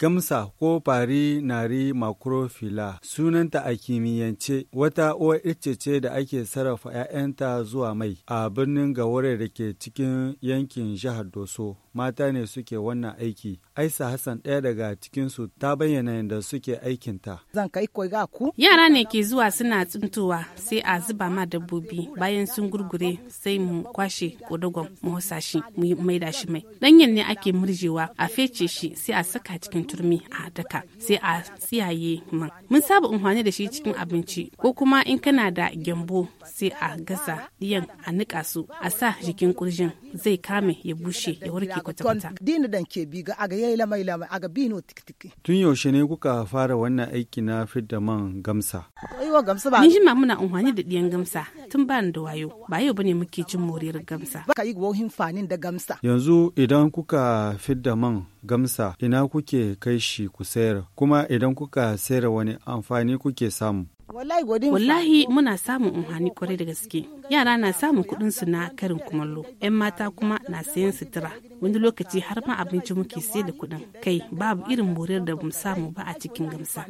Gamsa ko fari nari macrophylla sunanta a kimiyyance wata uwar ice ce da ake sarrafa 'ya'yanta zuwa mai a birnin Gaware da ke cikin yankin jihar Doso. Mata ne suke wannan aiki. Aisa Hassan ɗaya daga cikinsu ta bayyana yadda suke aikinta. Zan Yara ne ke zuwa suna tsintowa sai a zuba ma dabbobi bayan sun gurgure sai mu kwashe kodogon mu hosa shi mu maida shi mai. ɗanyen ne ake murjewa a fece shi sai a saka cikin turmi a daka sai a tsiyaye man mun saba amfani da shi cikin abinci ko kuma in kana da gyambo sai a gasa diyan a nika su a sa jikin kurjin zai kame ya bushe ya warke kwata-kwata tun yaushe ne kuka fara wannan aiki na fidda man gamsa mun jima muna amfani da diyan gamsa tun ban da wayo ba yau bane muke jin da gamsa yanzu idan kuka fidda man gamsa ina kuke kai shi ku sayar kuma idan kuka sayar wani amfani kuke samu wallahi muna samun umhani kwarai da gaske yara na samun kuɗin su na karin kumallo yan mata kuma na sayan sutura wani lokaci har ma abinci muke sai da kuɗin kai babu irin morar da mu samu ba a cikin gamsa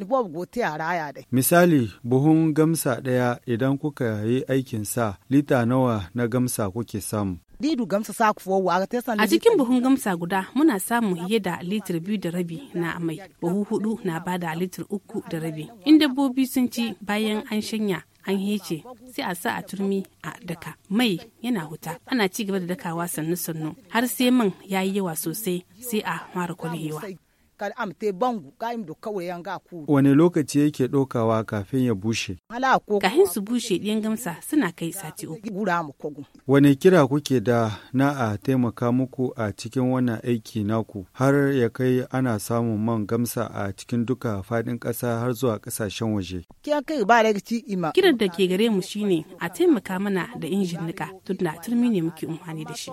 misali buhun gamsa ɗaya idan kuka yi aikin sa lita nawa na gamsa kuke samu didu gamsa wa a tesan a cikin buhun gamsa guda muna samun fiye da litir biyu da rabi na amai buhu hudu na bada litir uku da rabi in dabbobi sun ci bayan an shanya an hece sai a sa a turmi a daka mai yana huta ana ci gaba da dakawa sannu sannu har sai man yayi yawa sosai sai a mara kwalhewa kal amte bangu ka imdo kawai kawai yanga ku wani lokaci yake dokawa kafin ya bushe kafin su bushe din gamsa suna kai sati uku gura mu kogo wani kira kuke da na a taimaka muku a cikin wannan aiki naku har ya kai ana samun man gamsa a cikin duka fadin ƙasa har zuwa ƙasashen waje kai da kiran da ke gare mu shine a taimaka mana da injin nika tunda turmi ne muke umhani da shi